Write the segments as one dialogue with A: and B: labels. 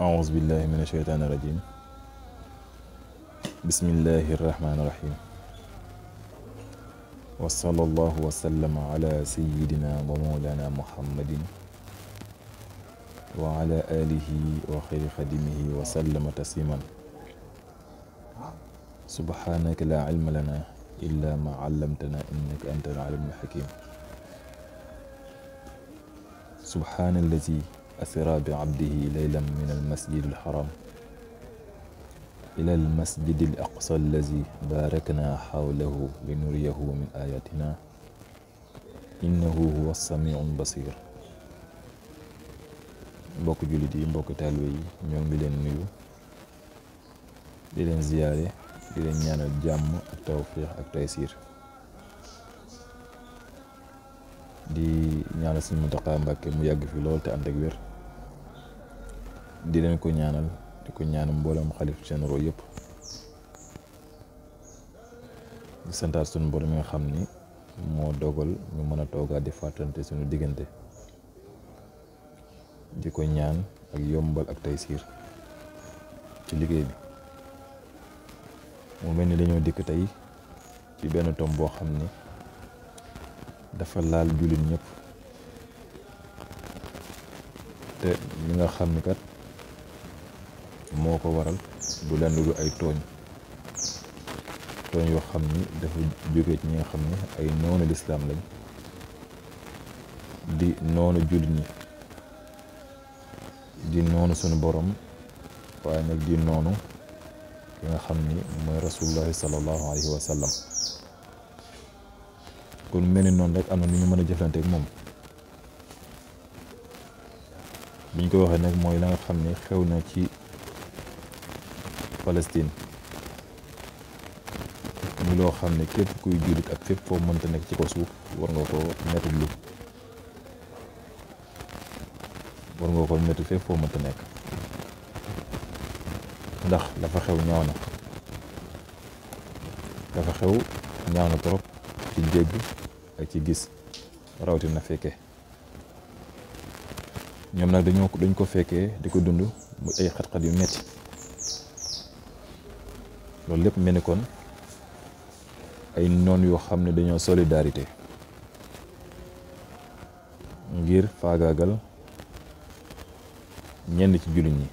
A: أعوذ بالله من الشيطان الرجيم بسم الله الرحمن الرحيم وصلى الله وسلم على سيدنا ومولانا محمد وعلى آله وخير خدمه وسلم تسليما سبحانك لا علم لنا إلا ما علمتنا إنك أنت العلم الحكيم سبحان الذي أسرى بعبده ليلا من المسجد الحرام إلى المسجد الأقصى الذي باركنا حوله لنريه من آياتنا إنه هو السميع البصير بوك جولدي بوك تالوي نيوم بلين نيو بلين زيارة بلين نيانا جام التوفيق التيسير di ñaanal suñu mutaqa mbacke mu yàgg di leen ko ñaanal di ko ñaan mboolam xalif généraux yëpp di santaat suñu borom mi nga xam ni moo dogal ñu mën a toogaat di fàttante suñu diggante di ko ñaan ak yombal ak taysiir ci liggéey bi mu mel ni dañoo dikk tey ci benn tom boo xam ni dafa laal jullit ñépp te ñi nga xam ni kat moko waral du len lu ay togn togn yo xamni dafa jóge ci ñi xamni ay nonu l'islam lañ di nonu jullit di nonu suñu borom way nak di nonu ki nga xamni moy rasulullah sallallahu alayhi wa sallam kon mel non rek am na nu mëna mën jëflante ak mom bi ko waxe nak moy la nga xamni xewna ci Palestine muy loo xam ne képp kuy jullit ak fépp foo mënta nekk ci ko suuf war nga ko mettit lu war nga ko mettit fépp foo mënta nekk ndax dafa xew ñaaw na dafa xew ñaaw na trop ci dégg ak ci gis rawatina fekke ñoom nag dañoo dañ ko fekkee di ko dund mu ay xat-xat yu metti loolu lépp mel ni kon ay noon yoo xam ne dañoo solidarité ngir faagaagal ñenn ci jullit ñi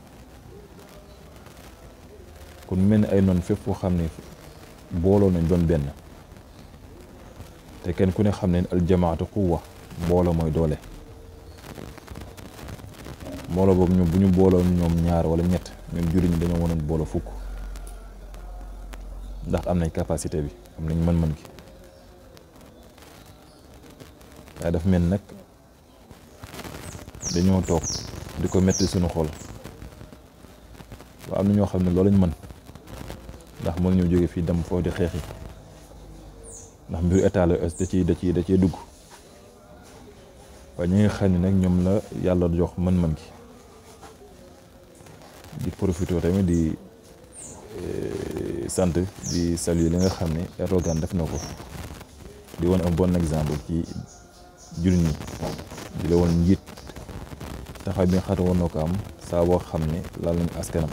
A: kon mel ni ay noon fépp foo xam ne booloo nañ doon benn te kenn ku ne xam ne ku wax mbooloo mooy doole mbooloo boobu ñoom bu ñu booloo ñoom ñaar wala ñett ñoom jullit ñi dañoo wonoon booloo fukk ndax am nañ capacité bi am nañ mën-mën gi waaye daf mel nag dañoo toog di ko metti suñu xol ba am na ñoo xam ne loolu lañ mën ndax mën ñu jóge fii dem foo di xeexi ndax mbir état la da ciy da ciy da ciy dugg waaye ñi nga xam ne nag ñoom la yàlla jox mën-mën gi di profité tamit di sant bi saluer li nga xam ne Erdogan def na ko di woon un bon exemple ci jur ñi di la woon njiit taxaw bi nga xam ne war na ko am saa boo xam ne laal nañu askanam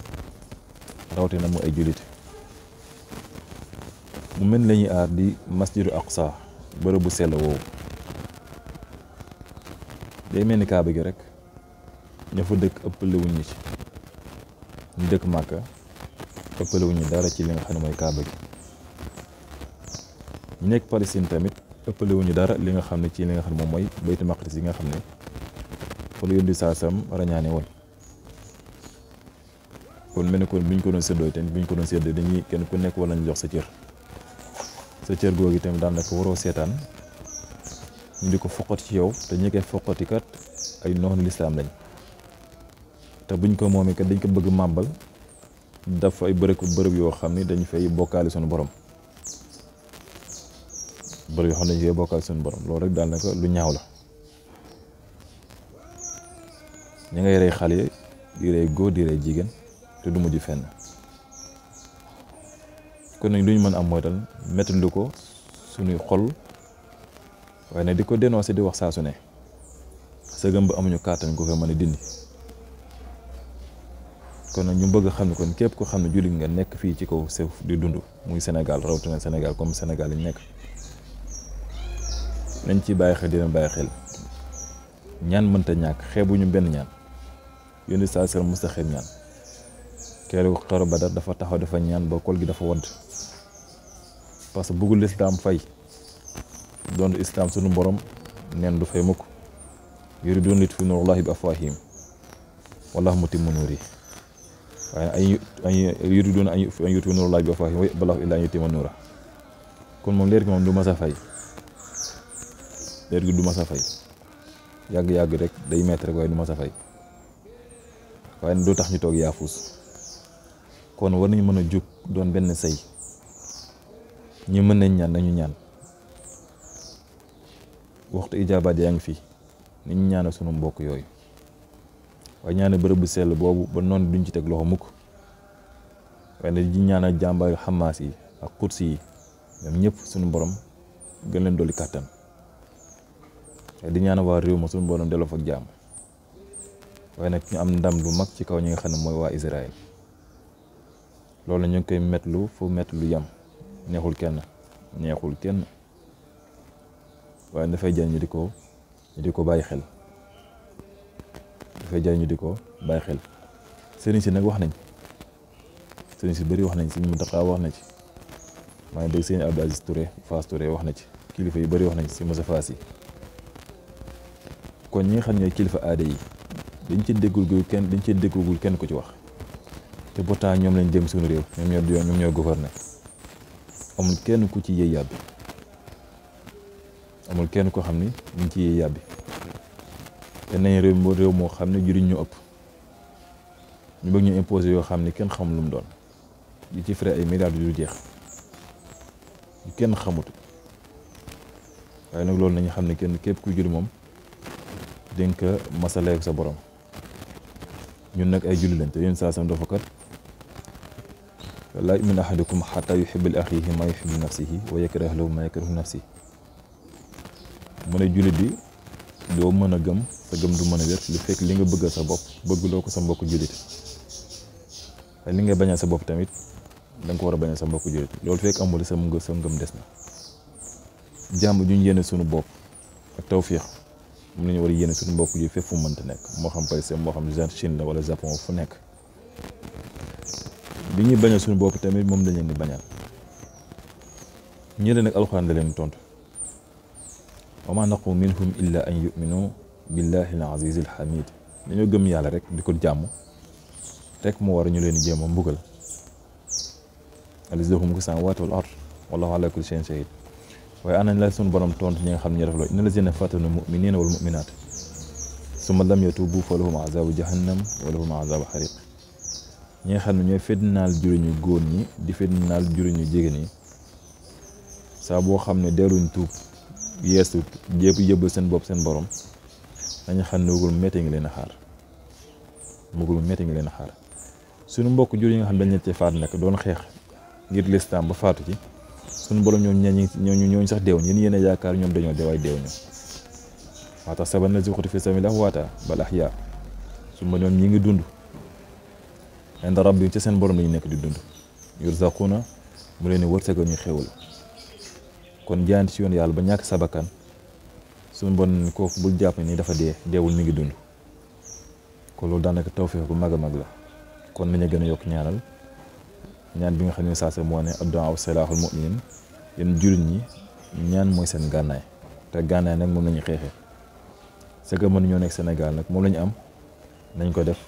A: mu ay jullit mu mel lañuy aar di masjidu aqsa bërëb bu sell woowu day mel ni kaaba gi rek ña fa dëkk ëpp lewuñ ñi ci ñu dëkk màkka ëppale ñu dara ci li nga xam ne mooy kaaba gi ñi nekk Palestine tamit ëppale dara li nga xam ne ci li nga xam ne moom mooy baytu maqdis yi nga xam ne fa la yónni saa sam rañaane woon kon mel ne kon bi ko doon séddoo tamit bi ñu ko doon séddoo dañuy kenn ku nekk wala ñu sa cër sa cër googu tamit daanaka waroo seetaan ñu di ko foqat ci yow te ñi koy foqati kat ay noonu lislaam lañ te buñ ko moomee dañ ko bëgg màmbal daf ay bërëb bërëb yoo xam ni dañu fay bokkaale sunu borom bërëb yoo xam ne dañu fay bokkaale suñu loolu rek daal na lu ñaaw la ñi ngay rey xale di rey góor di rey jigéen te du mujj fenn kon nag lu ñu mën am mooy dal métti lu ko suñuy xol waaye nag di ko dénoncé di wax saa su ne sëgëm ba amuñu kàttan ku ko mën a dindi. kon nag ñu bëgg xam ne kon képp ko xam ne jullit nga nekk fii ci kaw suuf di dund muy Sénégal rawatina Sénégal comme Sénégal yi nekk nañ ci bàyyi xel dina bàyyi xel ñaan mënta ñàkk xeebu ñu benn ñaan yónni saa sër mës ñaan keroog xaru Badar dafa taxaw dafa ñaan ba kol gi dafa wadd parce que bëggul islaam fay doon islaam sunu borom neen du fay mukk yuriduuna liyutfi'u nuura llaahi bi afwaahihim wallaahu mutimmu nuurihi waaye ay yuriduna an yutu nuuru laaj ba fa wa balaahu illaa an yutima nuura kon moom leer gi moom du mas a fay leer gi du mas a fay yàgg-yàgg rek day metti rek waaye du fay waaye du tax ñu toog yaafuus kon war nañu mën a jóg doon benn sëy ñu mën nañ ñaan nañu ñaan waxtu ijaabaat yaa ngi fi ni ñu sunu mbokk yooyu waaye ñaane bërëb bu sell boobu ba noonu duñ ci teg loxo mukk waaye nag di ñaanal jàmbaar xamaas yi ak kursi yi ñëpp suñu borom gën leen dolli kàttan waaye di ñaanal waa réew ma suñu borom delloo fa jàmm waaye nag ñu am ndam lu mag ci kaw ñi nga xam ne mooy waa Israël loolu ñu ngi koy metlu fu metlu yam neexul kenn neexul kenn waaye dafay jan ñu di ko ñu di ko bàyyi xel fay ñu di ko bàyyi xel sëriñ si nag wax nañ sëriñ si bari wax nañ sëriñ Mountakha wax na ci maa ngi dégg sëriñ Abdou Aziz Touré wax na ci kilifa yu bari wax nañ si Moussa Fass yi kon ñi nga xam ne kilifa aada yi dañ ci déggul kenn dañ ci déggul kenn ku ci wax te pourtant ñoom lañ dem suñu réew ñoom ñoo ñoom ñoo gouverner amul kenn ku ci yëy yàbbi amul kenn koo xam ni ñu ci yëy yàbbi te nañ réew réew moo xam ne juriñ ñu ëpp ñu bëgg ñu imposer yoo xam kenn xamul lu mu doon di ci frais ay milliards du jeex ñu kenn xamut waaye nag loolu nañu xam kenn képp ku jur moom dénk masala ak sa borom ñun nag ay julli lañ te yéen saa sam dafa kat laa yu'minu ahadukum hattaa yuhibba li axiihi maa yuhibbu nafsihi wa yakraha lahu yakrahu nafsihi mu ne jullit bi doo mën a gëm sa gëm du mën a wér li fekk li nga bëgg sa bopp bëgguloo ko sa mbokku jullit te li nga bañal sa bopp tamit da nga ko war a bañal sa mbokku jullit loolu fekk amul sa ngëm sa ngëm des na jàmm ju ñu yéene suñu bopp ak tawfiix mun nañu war a yéene suñu mbokku ji fépp fu mënta nekk moo xam Palestine moo xam Chine la wala Japon fu nekk li ñuy bañal suñu bopp tamit moom la leen di bañal ñi nag alxuraan leen tontu. وما نقوم منهم الا ان يؤمنوا بالله العزيز الحميد نيو گم يالا ريك ديكو جامو ريك مو وار نيولين جيمو مبوغل الزهم كسان وات الارض والله على كل شيء شهيد واي انا لا سون بروم تونت نيغا خا نيو رفلو ان الذين فاتوا المؤمنين والمؤمنات ثم لم يتوبوا فلهم عذاب جهنم ولهم عذاب حريق ñi nga xam ne ñooy fednaal juriñu góor ñi di fednaal juriñu jigéen ñi saa boo xam ne deeluñ tuub yeesu jépp yëbbal seen bopp seen borom dañu xam ne mugul métti ngi leen a xaar mugul métti leen a xaar suñu mbokk jur yi nga xam dañ leen ci faat nag doon xeex ngir lislaam ba faatu ci sunu borom ñoom ñañi ñooñu ñooñu sax deewuñ yéen yéen a ñoom dañoo deewaay deewuñu waa tax saban la zuxuti fi sabilillah waata bal ahya su ma ñoom ñi ngi dund inda rabbi ci seen borom lañu nekk di dund ngir yurzaquna mu leen wërsëgal ñu xéwal kon jaanti ci yoon yalla ba ñak sabakan sun suñu bon kooku bul japp ni dafa dee deewul mi ngi dund kon loolu daanaka tawfiq bu mag mag la kon nañu gën a yokk ñaanal ñaan bi nga xamni sa sa moo ne addu'a aw salaaxul mu'minin yéen jullit ñi ñaan moy seen gannaay te gannaay nak moom lañu ñu xeexee que mënuñoo nekk Sénégal nag moom la am nañ ko def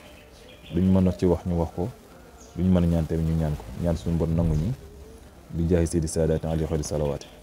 A: duñ mëna ci wax ñu wax ko duñ mëna ñaan tamit ñu ñaan ko ñaan suñu bon nangu ñi di jahi sidi Saadaat ali khadi salawati